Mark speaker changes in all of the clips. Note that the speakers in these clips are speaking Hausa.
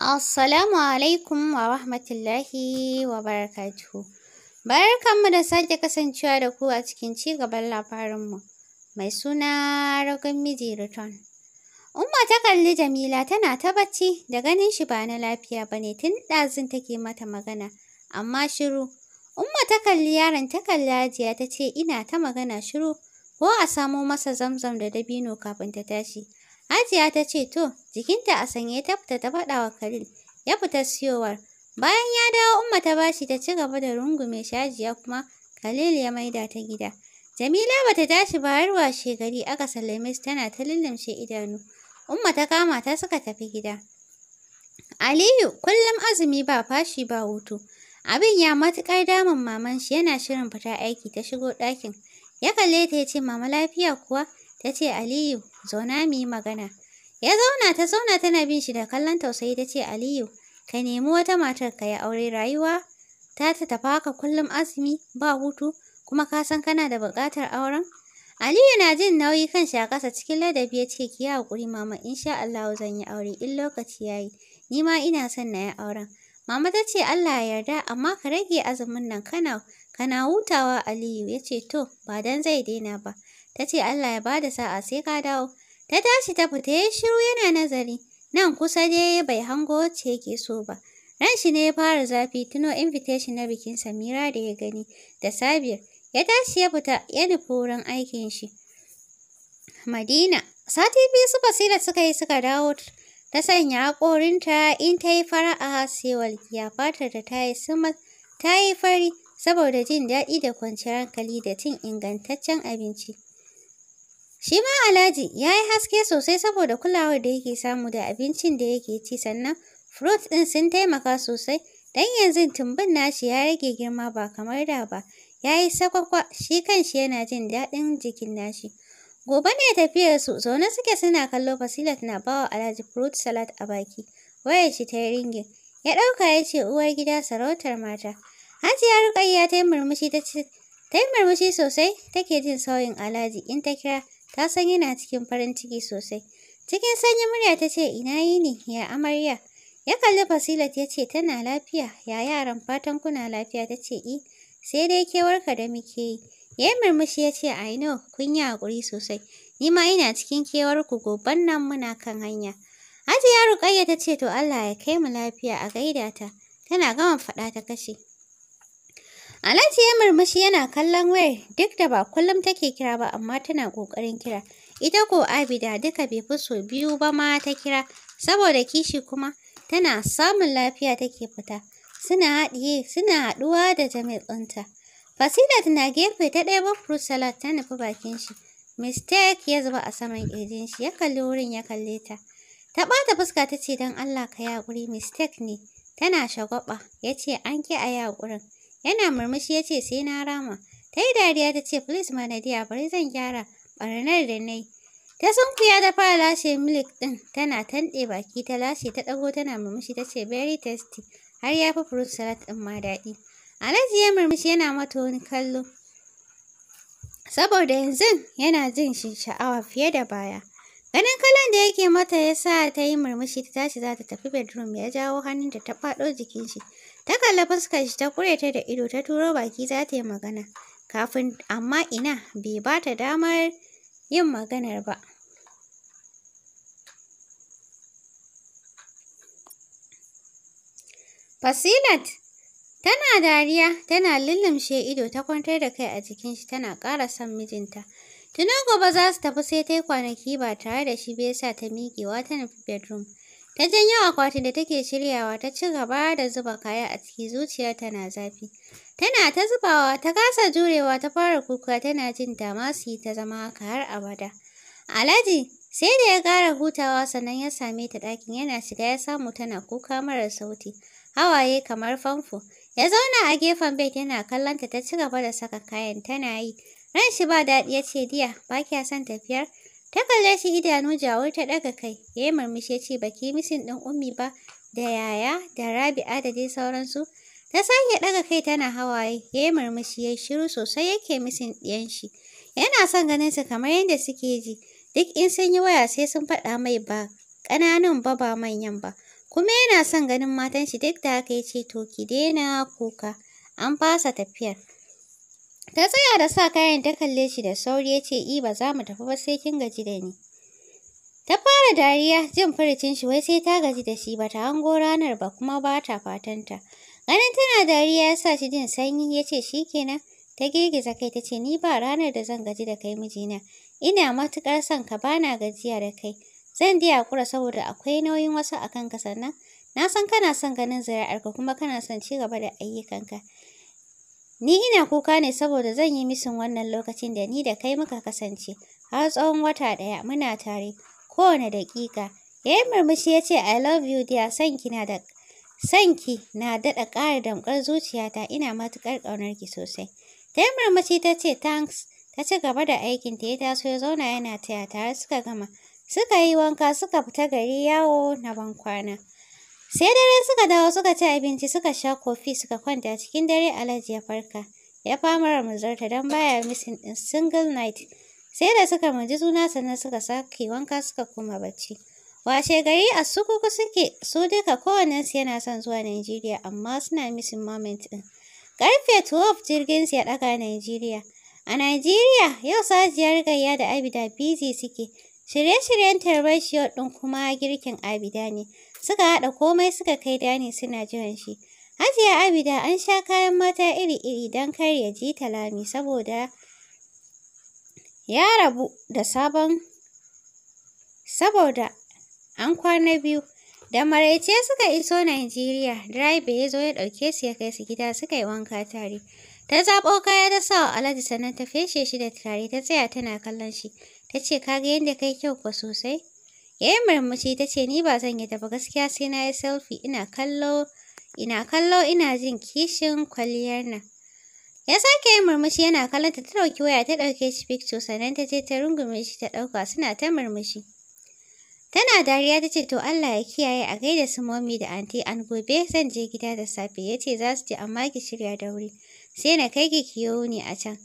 Speaker 1: Assalamu alaikum wa rahmatullahi wa barakatuhu. Barkanmu da sake kasancewa da ku a cikin ci gaban labarinmu. Mai suna Ragon Miji Return. Umma ta kalli Jamila tana ta bacci da ganin shi ba na lafiya ba ne tun ɗazin take mata magana, amma shiru. Umma ta kalli yaron ta kalli Hajiya ta ce ina ta magana shiru ko a samo masa zamzam da dabino kafin ta tashi. Hajiya ta ce to, jikinta a sanye ta fita ta faɗa wa Khalil, ya fita siyowar. Bayan ya dawo Umma ta bashi ta ci gaba da rungume shi Hajiya kuma Khalil ya maida ta gida. Jamila bata tashi ba har washe gari aka sallame su tana ta lullumshe idanu. Umma ta kama ta suka tafi gida. Aliyu kullum azumi ba fashi ba hutu. Abin ya matuƙar damun maman shi yana shirin fita aiki ta shigo ɗakin. Ya kalle ta ya ce mama lafiya kuwa? Ta ce Aliyu Zauna mu yi magana. Ya zauna ta zauna tana bin shi da kallon tausayi ta ce Aliyu, ka nemi wata matar ka ya aure rayuwa ta ta tafi haka kullum azumi ba hutu kuma ka san kana da buƙatar auren. Aliyu na jin nauyi kan shi a ƙasa cikin ladabi ya ce ki yi haƙuri mama insha Allah zan yi aure in lokaci ya yi ni ma ina son na yi auren. Mama ta ce Allah ya yarda amma ka rage azumin nan kana kana hutawa Aliyu ya ce to ba dan zai daina ba. ta ce Allah ya bada sa'a sai ka dawo. Ta tashi ta fita ya shiru yana nazari, nan kusa dai bai hango ce yake so ba. Ran shi ne ya fara zafi tuno invitation na bikin Samira da ya gani da Sabir. Ya tashi ya fita ya nufi wurin aikin shi. Madina, sati biyu su basira suka yi suka dawo ta sanya haƙorinta in ta yi fara'a sai walƙiya fatar da ta yi ta yi fari saboda jin daɗi da kwanciyar hankali da cin ingantaccen abinci. Shi ma Alhaji ya yi haske sosai saboda kulawar da yake samu da abincin da yake ci sannan fruit ɗin sun taimaka sosai don yanzu tumbin nashi ya rage girma ba kamar da ba. Ya yi sakwakwa shi kanshi yana jin daɗin jikin nashi. Gobe ne tafiyarsu zaune suke suna kallo Fasilat na bawa Alhaji fruit salad a baki. Wayar shi ta yi ringin. Ya ɗauka ya ce uwar gida sarautar mata. Hajiya Rukayya ta yi murmushi ta ce ta yi murmushi sosai take jin sauyin Alhaji in ta kira ta san yana cikin farin ciki sosai. Cikin sanyin murya ta ce, Ina yi ne?" ya amarya? Ya kalli Fasilat ya ce, Tana lafiya, ya yaran fatan kuna lafiya ta ce, I, eh, sai dai kewarka da muke yi. Ya yi murmushi ya ce, I know, kun yi haƙuri sosai. Ni ma ina cikin kewar ku, goban nan muna kan hanya. Hajiya Rukayya ta ce, To Allah ya kai mu lafiya a gaida ta. Tana gama faɗa ta kashe. Alhaji ya murmushi yana kallon waya duk da ba kullum take kira ba amma tana ƙoƙarin kira. Ita ko Abida duka bai fi so biyu ba ma ta kira saboda kishi kuma tana samun lafiya take fita. Suna haɗiye suna haɗuwa da Jamil ɗinta. Fasilat na gefe ta ɗaya fruit salad ta nufi bakin shi. Mistake ya zuba a saman ƙirjin shi ya kalli wurin ya kalle ta. Ta ɓata fuska ta ce don Allah ka yaƙuri mistake ne. Tana shagwaɓa ya ce an ki a haƙurin Yana murmushi ya ce sai na rama. Ta yi dariya ta ce please ma Nadiya bari zan gyara ɓarnar da na yi. Ta sunkuya ta fara lashe milik ɗin tana tanɗe baki ta lashe ta ɗago tana murmushi ta ce very tasty har ya fi fruit salad ɗin ma daɗi. Alhaji ya murmushi yana mata wani kallo. Saboda yanzu yana jin shi sha'awa fiye da baya. Ganin kallon da yake mata ya sa ta yi murmushi ta tashi za ta tafi bedroom ya jawo hannunta ta faɗo jikin shi. Ta kalli fuskar shi ta kure ta da ido ta turo baki za ta yi magana. Kafin amma ina bai ba ta damar yin maganar ba. Fasilat tana dariya tana lullumshe ido ta kwantar da kai a jikin shi tana ƙara son mijinta. Tuna gobe za su tafi sai ta yi kwanaki ba tare da shi bai sa ta miƙewa ta nufi bedroom. Ta janyo akwatin da take shiryawa ta ci gaba da zuba kaya a ciki zuciya tana zafi. Tana ta zubawa ta kasa jurewa ta fara kuka tana jin dama su yi ta zama haka har abada. Alhaji sai da ya gara hutawa sannan ya same ta ɗakin yana shiga ya samu tana kuka mara sauti. Hawaye kamar famfo. Ya zauna a gefen bed yana kallonta ta ci gaba da saka kayan tana yi. Ran shi ba daɗi ya ce diya ba kya son tafiyar. Ta kalle shi idanu jawur ta ɗaga kai, ya yi murmushi ce ba ki misin ɗin ummi ba da yaya da rabi'a da dai sauransu. Ta sake ɗaga kai tana hawaye, ya yi murmushi ya shiru sosai yake misin ɗiyan shi. Yana son ganin su kamar yadda suke ji, duk in sun yi waya sai sun faɗa mai ba ƙananan ba ba manyan ba. Kuma yana son ganin matan shi duk da haka ya ce to ki daina kuka, an fasa tafiyar. Ta tsaya da sa kayan ta kalle shi da sauri ya ce, I ba za mu tafi ba sai kin gaji da ni. Ta fara dariya jin furicin shi wai sai ta gaji da shi ba ta hango ranar ba kuma ba ta fatanta. Ganin tana dariya ya sa shi jin sanyi ya ce shi kenan. Ta girgiza kai ta ce ni ba ranar da zan gaji da kai mijina. Ina matuƙar son ka bana gajiya da kai. Zan dai hakura saboda akwai nauyin wasu a kanka sannan. Na san kana son ganin zuri'arka kuma kana son ci gaba da ayyukanka. Ni ina kuka ne saboda zan yi misin wannan lokacin da ni da kai muka kasance har tsawon wata ɗaya muna tare kowane daƙiƙa. Ya yi murmushi ya ce I love you dear sanki na da sanki na daɗa ƙara damƙar zuciyata ina matuƙar ƙaunar ki sosai. Ta yi murmushi ta ce thanks ta ci gaba da aikin ta ya taso ya zauna yana taya tare suka gama. Suka yi wanka suka fita gari yawo na ban kwana Sai dare suka dawo suka ci abinci suka sha kofi suka kwanta cikin dare Alhaji ya farka. Ya fama muzarta don baya missing ɗin single night. Sai da suka muji juna sannan suka sake wanka suka kuma bacci. Washe gari a sukuku suke su duka kowannensu yana son zuwa Najeriya amma suna missing moment ɗin. Karfe 12 su ya ɗaga Najeriya. A Najeriya yau sajiyar gayya da Abida busy suke. Shirye-shiryen tarbar ɗin kuma girkin Abida ne. Suka haɗa komai suka kai dani suna jiran shi. Hajiya Abida an sha kayan mata iri-iri don kar ya ji talami saboda ya rabu da sabon saboda an kwana biyu. Da maraice suka iso Najeriya, drive ya zo ya ɗauke su ya kai su gida suka yi wanka tare. Ta zaɓo kaya ta sa wa Alhaji sannan ta feshe shi da turare ta tsaya tana kallon shi. Ta ce ka ga yadda kai kyau ko sosai. Ya eh, yi murmushi ta ce ni ba zan yi ba gaskiya sai na yi selfie ina kallo ina kallo ina jin kishin kwalliyar nan. Ya sake yin murmushi yana kallon ta ɗauki waya ta ɗauke shi picture sannan ta je ta rungume shi ta ɗauka suna ta murmushi. Tana dariya ta ce to Allah ya kiyaye a gaida su mommy da aunty an gobe zan je gida da safe ya ce za su je amma ki shirya da wuri sai na kai ki kiyo ni a can.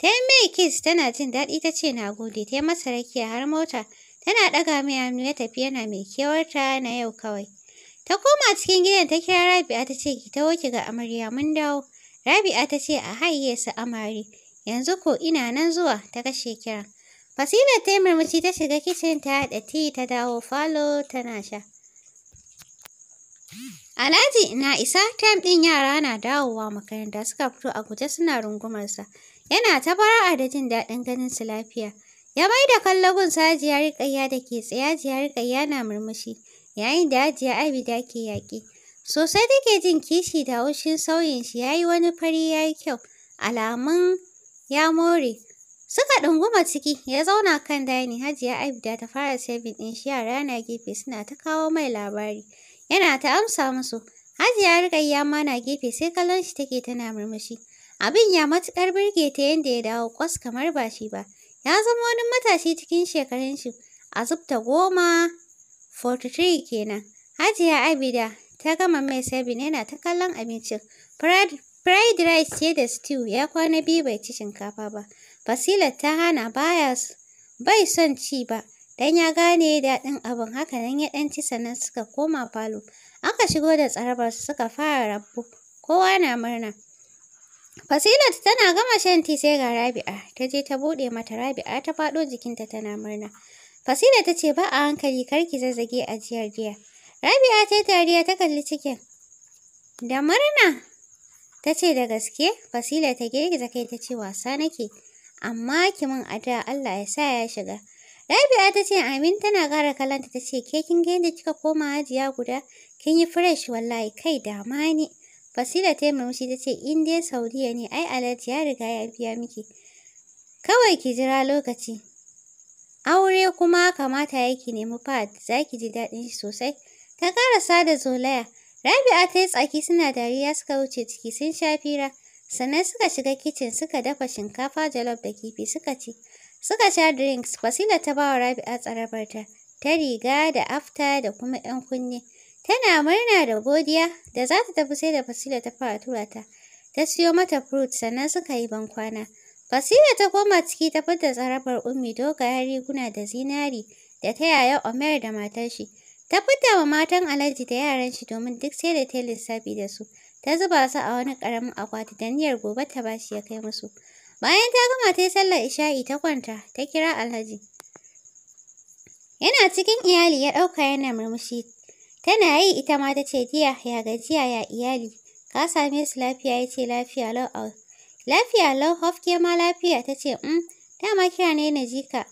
Speaker 1: Ta yi mai kiss tana jin daɗi ta ce na gode ta yi masa rakiya har mota Tana ɗaga mai hannu ya tafi yana mai kewarta na yau kawai. Ta koma cikin gidan ta kira Rabi'a ta ce ki taho ki ga amarya mun dawo. Rabi'a ta ce a haye su amare. Yanzu ko ina nan zuwa ta kashe kira. Fasila ta yi murmushi ta shiga kicin ta haɗa ti ta dawo falo tana sha. Alhaji na isa tem ɗin yara na dawowa makaranta suka fito a guje suna rungumarsa. Yana ta fara'a da jin daɗin ganin su lafiya. Ya bai da kallagun sa hajiya riƙayya da ke tsaye hajiya riƙayya na murmushi yayin da hajiya abida ke yaƙi. Sosai take jin kishi da haushin sauyin shi ya yi wani fari ya yi kyau alamun ya more. Suka ɗunguma ciki, ya zauna kan dani, Hajiya Abida ta fara sabin ɗin shi yara na gefe suna ta kawo mai labari. Yana ta amsa musu, Hajiya Rukayya ma na gefe sai kallon shi take tana murmushi. Abin ya matuƙar birge ta yadda ya dawo kwas kamar ba shi ba. Ya zama wani matashi cikin shekarun shi, a zubta goma, 43 kenan. Hajiya Abida ta gama mai sabin yana ta kallon abincin. Fried rice ce da stew ya kwana biyu bai ci shinkafa ba. basila ta hana baya bai son ci ba. Dan ya gane daɗin abin haka nan ya ɗan ci sannan suka koma falo. Aka shigo da tsarabar suka fara rabu. Kowa na murna. Fasilat tana gama shan tea sai ga Rabi'a, ta je ta buɗe mata Rabi'a ta faɗo jikinta tana murna. Fasila ta ce ba a hankali kar ki zazzage ajiyar jiya Rabi'a ta yi dariya ta kalli cikin. Da murna ta ce da gaske Fasila ta girgiza kai ta ce wasa nake amma ki a da, Allah ya sa ya shiga. Rabi'a ta ce amin tana gara kalanta ta ce ke kin ga yadda kika koma hajiya guda kin yi fresh wallahi kai da ma Fasila ta yi murmushi ta ce in dai Saudiya ne ai Alhaji ya riga ya biya miki. Kawai ki jira lokaci. Aure kuma kamata ya ki nemi Fahad za ki ji daɗin shi sosai. Ta ƙarasa da zolaya. Rabi'a ta yi tsaki suna dariya suka wuce ciki sun sha fira. Sannan suka shiga kicin suka dafa shinkafa jalof da kifi suka ci. Suka sha drinks Fasila ta ba wa Rabi'a tsarabarta. Ta riga da afta da kuma 'yan kunne. Tana murna da godiya da za ta tafi sai da Fasila ta fara tura ta. Ta siyo mata fruit sannan suka yi bankwana. Fasila ta koma ciki ta da tsarabar ummi dogayen riguna da zinari da ta yaya omar da matar shi. Ta fita wa matan Alhaji da yaran shi domin duk sai da ta lissafi da su. Ta zuba su a wani ƙaramin akwati da niyyar gobe ta ba shi ya kai musu. Bayan ta gama ta yi sallar isha'i ta kwanta, ta kira Alhaji. Yana cikin iyali ya ɗauka yana murmushi Tana yi ita ma ta ce diya ya gajiya ya iyali. Ka same su lafiya ya ce lafiya lau a Lafiya lau hofke ma lafiya ta ce um dama kira ne na ji ka.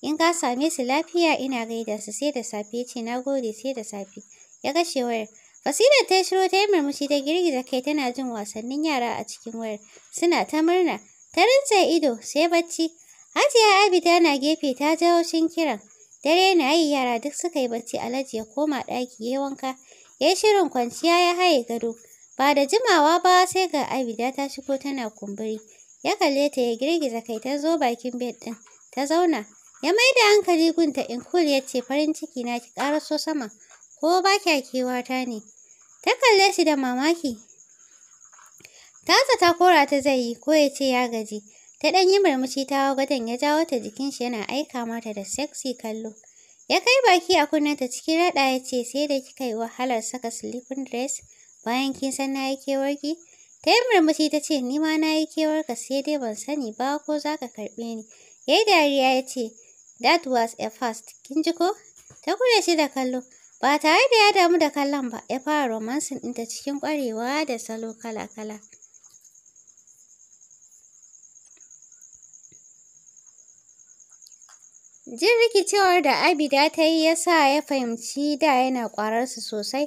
Speaker 1: In ka same su lafiya ina gaida su sai da safe ya ce na gode sai da safe. Ya kashe wayar. Fasila ta shiro ta yi murmushi ta girgiza kai tana jin wasannin yara a cikin wayar. Suna ta murna. Ta rinsa ido sai bacci. Hajiya Abi tana gefe ta jawo shin kiran. Dare na yi yara duk suka yi bacci Alhaji ya koma ɗaki ya yi wanka. Ya yi shirin kwanciya ya haye gado. Ba da jimawa ba sai ga Abida ta shigo tana kumburi. Ya kalle ta ya girgiza kai ta zo bakin bed ɗin. Ta zauna. Ya mai da hankali gunta in kul ya ce farin ciki na ki ƙaraso sama. Ko ba kya kewata ne. Ta kalle shi da mamaki. Tasa ta kora ta zai yi ko ya ce ya gaji. Ta ɗan yi murmushi ta hau gadon ya jawo ta jikin shi yana aika mata da sexy kallo. Ya kai baki a kunnen ta cikin raɗa ya ce sai da kika yi wahalar saka sleeping dress bayan kin san na yi kewarki. Ta yi murmushi ta ce ni ma na yi ka sai dai ban sani ba ko za ka karɓe ni. Ya yi dariya ya ce that was a first", kin ji ko? Ta kure shi da kallo. Ba tare da ya damu da kallon ba ya fara romansin ɗinta cikin ƙwarewa da salo kala-kala. Jin rikicewar da Abida ta yi ya sa ya fahimci da yana su sosai,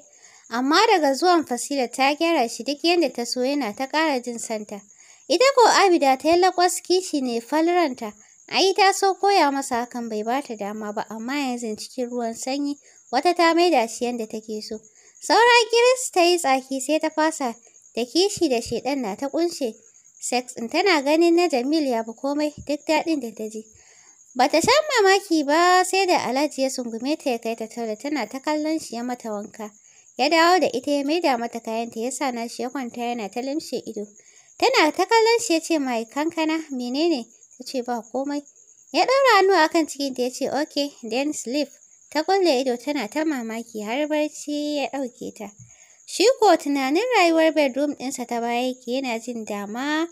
Speaker 1: amma daga zuwan Fasila ta gyara shi duk yadda ta so yana ta ƙara jin santa. Ita ko Abida ta yi laƙwas kishi ne falranta, ai ta so koya masa hakan bai ba ta dama ba, amma yanzu cikin ruwan sanyi wata ta maida shi yadda take so. Saura Kiris ta yi tsaki sai ta fasa da kishi da shaiɗan na ta ƙunshe. Sex ɗin tana ganin na Jamil ya bi komai duk daɗin da ta je. Ba ta sha mamaki ba sai da Alhaji ya sungume ta ya kai ta tare tana ta kallon shi ya mata wanka. Ya dawo da ita ya maida mata kayanta ya sa na shi ya kwanta yana ta limshe ido. Tana ta kallon shi ya ce mai kankana menene? Ta ce ba komai. Ya ɗaura hannu a kan ta ya ce okay then sleep. Ta kulle ido tana ta mamaki har barci ya ɗauke ta. Shi ko tunanin rayuwar bedroom ɗinsa ta baya yake yana jin dama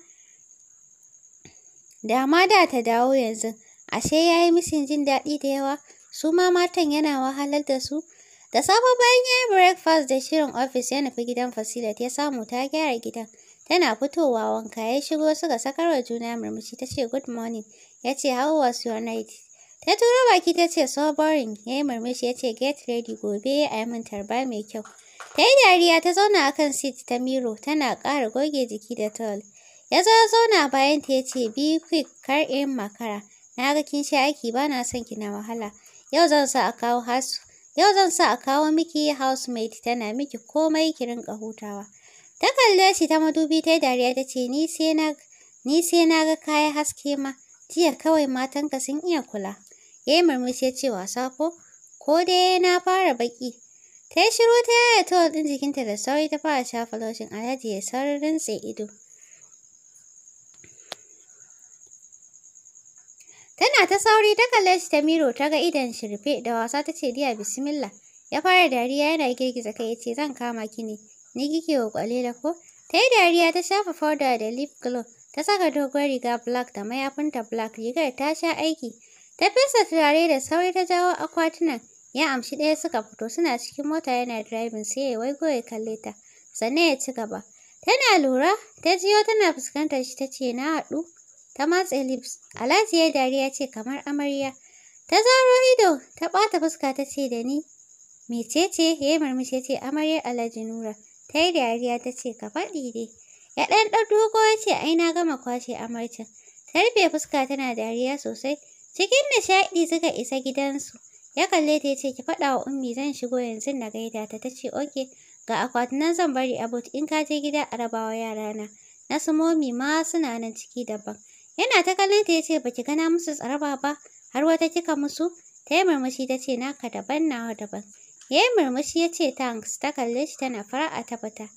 Speaker 1: dama da ta dawo yanzu. Ashe ya yi mishin jin daɗi da yawa, su ma matan yana wahalar da su. Da safe bayan ya yi breakfast da shirin ofis ya nufi gidan Fasilat ya samu ta gyara gidan. Tana fitowa wanka ya shigo suka sakar wa juna murmushi ta ce good morning. Ya ce how was your night? Ta turo baki ta ce so boring. Ya yi murmushi ya ce get ready gobe a yi min tarba mai kyau. Ta yi dariya ta zauna a kan seat ta miro tana ƙara goge jiki da towel. Ya zo ya zauna bayan ta ya ce be quick kar in makara. Na ga kin shi aiki ba na son kina wahala. Yau zan sa a kawo house Yau zan sa a kawo miki housemate tana miki komai ki rinka hutawa. Ta kalle shi ta madubi ta dariya ta ce ni sai na ni sai na ga kaya haske ma. Jiya kawai matanka sun iya kula. Yayi murmushi ya ce wasa ko ko dai na fara baki. Ta shiru ta yaya to ɗin jikinta da sauri ta fara shafa lotion alhaji ya sararin sai ido. Tana ta sauri ta kalle shi ta miro ta ga idan shirfe da wasa ta ce diya bismillah. Ya fara dariya yana girgiza kai ya ce zan kama ki ne. Ni kike wa kwalela ko? Ta yi dariya ta shafa powder da lip glow. Ta saka dogon riga black da mayafinta black rigar ta sha aiki. Ta fesa turare da sauri ta jawo akwatunan. Ya amshi ɗaya suka fito suna cikin mota yana driving sai ya waigo ya kalle ta. Sannan ya ci gaba. Tana lura ta jiyo tana fuskantar shi ta ce na haɗu. ta matse lips. Alhaji ya dariya ce kamar amarya. Ta zaro ido, ta ɓata fuska ta ce da ni. ce, ya yi murmushi ce amaryar Alhaji Nura. Ta yi dariya ta ce ka faɗi dai. Ya ɗan ɗan dogo ya ce ai na gama kwashe amarcin. Ta rufe fuska tana dariya sosai. Cikin nishaɗi suka isa gidansu. Ya kalle ta ya ce ki faɗa wa ummi zan shigo yanzu na gaida ta ta ce oke ga akwatin nan zan bari abut in ka je gida a rabawa yarana. Na su momi ma suna nan ciki daban. Yana ta kallon ta yace baki gana musu tsaraba ba har wata kika musu. Ta yi murmushi ta ce naka daban nawa daban. Ya yi murmushi ya ce thanks ta kalle shi tana fara'a ta fita.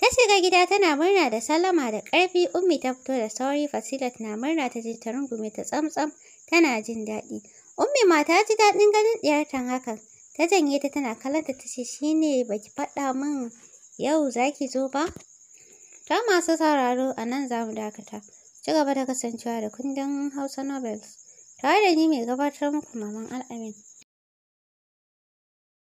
Speaker 1: Ta shiga gida tana murna da salama da karfi ummi ta fito da sauri Fasilat na murna ta ji ta rungume ta tsamtsam tana jin daɗi. Ummi ma ta ji daɗin ganin ɗiyartan hakan. Ta janye ta tana kallon ta tace shi baki faɗa min yau zaki zo ba? Ta masu sauraro a nan za mu dakata. Ci gaba da kasancewa da kundin Hausa Novels. Tare da ni mai gabatar muku Maman Al'amin.